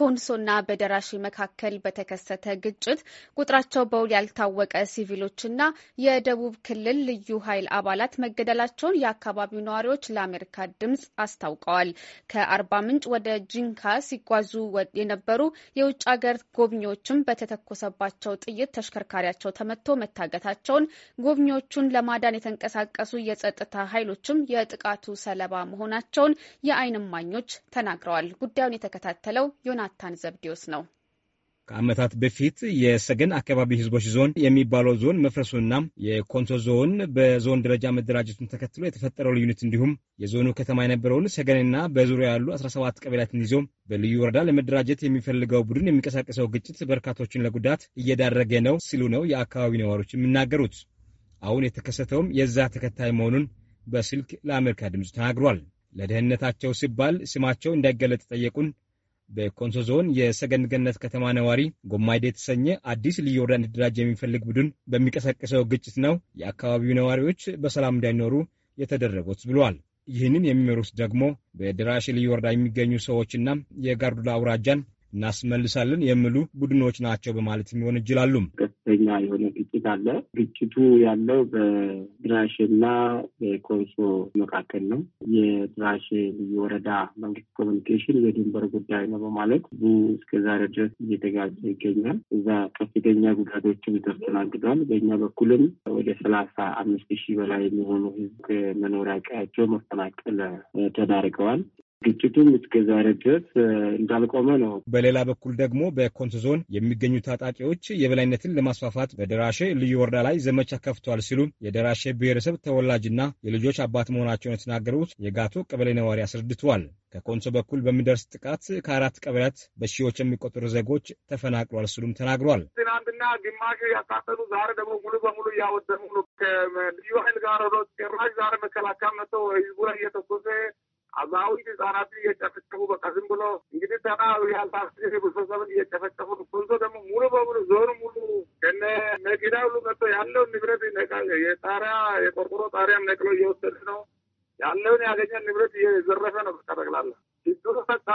በኮንሶና በደራሺ መካከል በተከሰተ ግጭት ቁጥራቸው በውል ያልታወቀ ሲቪሎችና የደቡብ ክልል ልዩ ኃይል አባላት መገደላቸውን የአካባቢው ነዋሪዎች ለአሜሪካ ድምጽ አስታውቀዋል። ከአርባ ምንጭ ወደ ጂንካ ሲጓዙ የነበሩ የውጭ ሀገር ጎብኚዎችም በተተኮሰባቸው ጥይት ተሽከርካሪያቸው ተመቶ መታገታቸውን፣ ጎብኚዎቹን ለማዳን የተንቀሳቀሱ የጸጥታ ኃይሎችም የጥቃቱ ሰለባ መሆናቸውን የዓይን እማኞች ተናግረዋል። ጉዳዩን የተከታተለው ዮና ዮናታን ዘብዲዮስ ነው። ከዓመታት በፊት የሰገን አካባቢ ህዝቦች ዞን የሚባለው ዞን መፍረሱና የኮንሶ ዞን በዞን ደረጃ መደራጀቱን ተከትሎ የተፈጠረው ልዩነት እንዲሁም የዞኑ ከተማ የነበረውን ሰገንና በዙሪያ ያሉ 17 ቀበሌያትን ይዞ በልዩ ወረዳ ለመደራጀት የሚፈልገው ቡድን የሚንቀሳቀሰው ግጭት በርካቶችን ለጉዳት እየዳረገ ነው ሲሉ ነው የአካባቢ ነዋሪዎች የሚናገሩት። አሁን የተከሰተውም የዛ ተከታይ መሆኑን በስልክ ለአሜሪካ ድምፅ ተናግሯል። ለደህንነታቸው ሲባል ስማቸው እንዳይገለጥ ጠየቁን በኮንሶ ዞን የሰገን ገነት ከተማ ነዋሪ ጎማይዴ የተሰኘ አዲስ ልዩ ወረዳ እንዲደራጅ የሚፈልግ ቡድን በሚቀሰቅሰው ግጭት ነው የአካባቢው ነዋሪዎች በሰላም እንዳይኖሩ የተደረጉት ብለዋል። ይህንን የሚመሩት ደግሞ በድራሽ ልዩ ወረዳ የሚገኙ ሰዎችና የጋርዱላ አውራጃን እናስመልሳለን የሚሉ ቡድኖች ናቸው በማለት የሚሆን እጅላሉ። ከፍተኛ የሆነ ግጭት አለ። ግጭቱ ያለው በድራሼ በኮንሶ መካከል ነው። የድራሼ ልዩ ወረዳ መንግስት ኮሚኒኬሽን የድንበር ጉዳይ ነው በማለት ብዙ እስከዛሬ ድረስ እየተጋጨ ይገኛል። እዛ ከፍተኛ ጉዳቶችም ተስተናግዷል። በእኛ በኩልም ወደ ሰላሳ አምስት ሺህ በላይ የሚሆኑ ህዝብ ከመኖሪያ ቀያቸው መፈናቀል ተዳርገዋል። ግጭቱ እስከዛሬ ድረስ እንዳልቆመ ነው። በሌላ በኩል ደግሞ በኮንሶ ዞን የሚገኙ ታጣቂዎች የበላይነትን ለማስፋፋት በደራሼ ልዩ ወረዳ ላይ ዘመቻ ከፍተዋል ሲሉ የደራሼ ብሔረሰብ ተወላጅና የልጆች አባት መሆናቸውን የተናገሩት የጋቶ ቀበሌ ነዋሪ አስረድተዋል። ከኮንሶ በኩል በሚደርስ ጥቃት ከአራት ቀበሌያት በሺዎች የሚቆጠሩ ዜጎች ተፈናቅሏል ሲሉም ተናግሯል። ትናንትና ግማሽ ያቃጠሉ፣ ዛሬ ደግሞ ሙሉ በሙሉ እያወደሙ ነው። ከልዩ ኃይል ጋር ሮ ጭራሽ ዛሬ መከላከያ መጥቶ ህዝቡ ላይ እየተኮሰ አዛዊት ህጻናትን እየጨፈጨፉ በቃ ዝም ብሎ እንግዲህ ተና ያልታስር ብሶሰብን እየጨፈጨፉ ኮንሶ ደግሞ ሙሉ በሙሉ ዞኑ ሙሉ ከነ መኪና ሁሉ መጥቶ ያለውን ንብረት የጣሪያ የቆርቆሮ ጣሪያም ነቅሎ እየወሰደ ነው። ያለውን ያገኘን ንብረት እየዘረፈ ነው። በቃ ጠቅላላ ችግሩ በቃ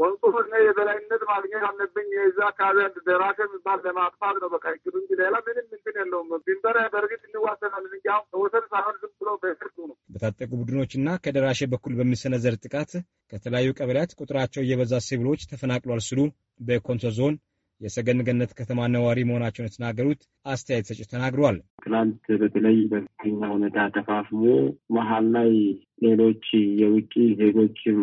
ቆንሶ የበላይነት ማግኘት አለብኝ። የዛ አካባቢ አንድ ደራሽ የሚባል ለማጥፋት ነው በቃ እቅዱ እንጂ ሌላ ምንም እንትን የለውም። ድንበር በእርግጥ እንዋሰናለን እንጂ አሁን ከወሰን ሳይሆን ዝም ብሎ በሰርቱ ነው በታጠቁ ቡድኖችና ከደራሼ በኩል በሚሰነዘር ጥቃት ከተለያዩ ቀበሌያት ቁጥራቸው የበዛ ሲቪሎች ተፈናቅሏል ሲሉ በኮንሶ ዞን የሰገን ገነት ከተማ ነዋሪ መሆናቸውን የተናገሩት አስተያየት ሰጭ ተናግሯል። ትላንት በተለይ በከፍተኛ ሁኔታ ተፋፍሞ መሀል ላይ ሌሎች የውጭ ዜጎችም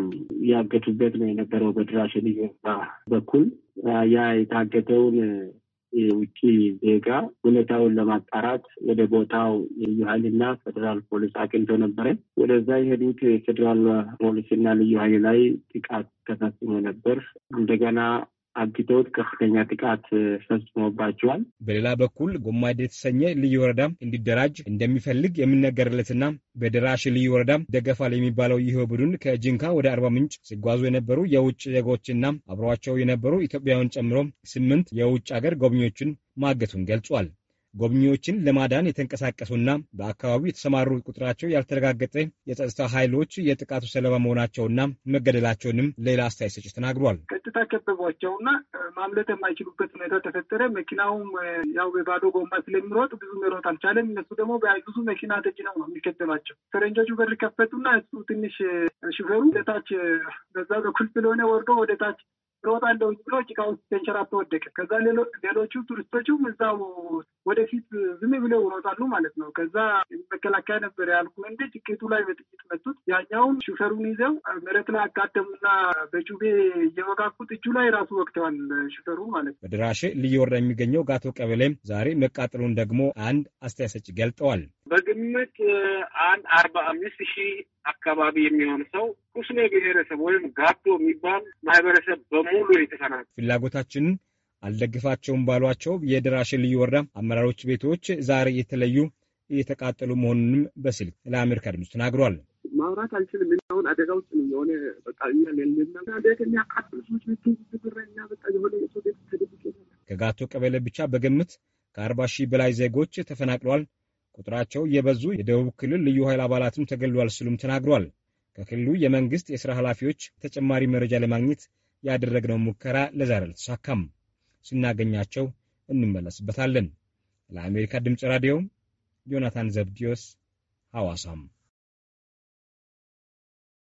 ያገቱበት ነው የነበረው በድራሽ ልዩ በኩል ያ የታገተውን የውጭ ዜጋ ሁኔታውን ለማጣራት ወደ ቦታው ልዩ ኃይልና ፌዴራል ፖሊስ አቅንቶ ነበረ። ወደዛ የሄዱት የፌዴራል ፖሊስና ልዩ ኃይል ላይ ጥቃት ተፈጽሞ ነበር። እንደገና አግተውት ከፍተኛ ጥቃት ፈጽሞባቸዋል። በሌላ በኩል ጎማዴ የተሰኘ ልዩ ወረዳ እንዲደራጅ እንደሚፈልግ የሚነገርለትና በደራሽ ልዩ ወረዳ ደገፋል የሚባለው ይህ ቡድን ከጅንካ ወደ አርባ ምንጭ ሲጓዙ የነበሩ የውጭ ዜጎችና አብረዋቸው የነበሩ ኢትዮጵያውያን ጨምሮ ስምንት የውጭ ሀገር ጎብኚዎችን ማገቱን ገልጿል። ጎብኚዎችን ለማዳን የተንቀሳቀሱና በአካባቢው የተሰማሩ ቁጥራቸው ያልተረጋገጠ የጸጥታ ኃይሎች የጥቃቱ ሰለባ መሆናቸውና መገደላቸውንም ሌላ አስተያየት ሰጭ ተናግሯል። ቀጥታ ከበቧቸውና ማምለጥ የማይችሉበት ሁኔታ ተፈጠረ። መኪናውም ያው በባዶ ጎማ ስለሚሮጥ ብዙ መሮጥ አልቻለም። እነሱ ደግሞ ብዙ መኪና ተጭነው ነው የሚከተሏቸው። ፈረንጆቹ በር ከፈቱና እሱ ትንሽ ሹፌሩ ወደታች በዛ በኩል ስለሆነ ወርዶ ወደታች እሮጣለሁ ብሎ ጭቃ ውስጥ ተንሸራቶ ወደቀ። ከዛ ሌሎቹ ቱሪስቶቹም እዛው ወደፊት ዝም ብለው ይሮጣሉ ማለት ነው። ከዛ መከላከያ ነበር ያልኩ እንደ ጭቄቱ ላይ በጥቂት መቱት። ያኛውን ሹፌሩን ይዘው መሬት ላይ አጋደሙና በጩቤ እጁ ላይ ራሱ ወቅተዋል ሹፌሩ ማለት ነው። በደራሼ ልዩ ወረዳ የሚገኘው ጋቶ ቀበሌ ዛሬ መቃጠሉን ደግሞ አንድ አስተያየት ሰጪ ገልጠዋል። በግምት አንድ አርባ አምስት ሺህ አካባቢ የሚሆን ሰው ኩስኔ ብሔረሰብ ወይም ጋቶ የሚባል ማህበረሰብ በሙሉ የተፈናቀለ ፍላጎታችን አልደግፋቸውም ባሏቸው የደራሽ ልዩ ወረዳ አመራሮች ቤቶች ዛሬ የተለዩ እየተቃጠሉ መሆኑንም በስልክ ለአሜሪካ ድምፅ ተናግሯል። ማውራት አልችልም። አሁን አደጋ ውስጥ ነው የሆነ በቃ እኛ የሚያቃጥሉ ሰዎች በቃ የሆነ ቤት ከጋቶ ቀበሌ ብቻ በግምት ከአርባ ሺህ በላይ ዜጎች ተፈናቅለዋል። ቁጥራቸው የበዙ የደቡብ ክልል ልዩ ኃይል አባላትም ተገልሏል ሲሉም ተናግሯል። ከክልሉ የመንግስት የሥራ ኃላፊዎች ተጨማሪ መረጃ ለማግኘት ያደረግነው ሙከራ ለዛሬ አልተሳካም። ስናገኛቸው እንመለስበታለን። ለአሜሪካ ድምፅ ራዲዮ ዮናታን ዘብዲዮስ ሐዋሳም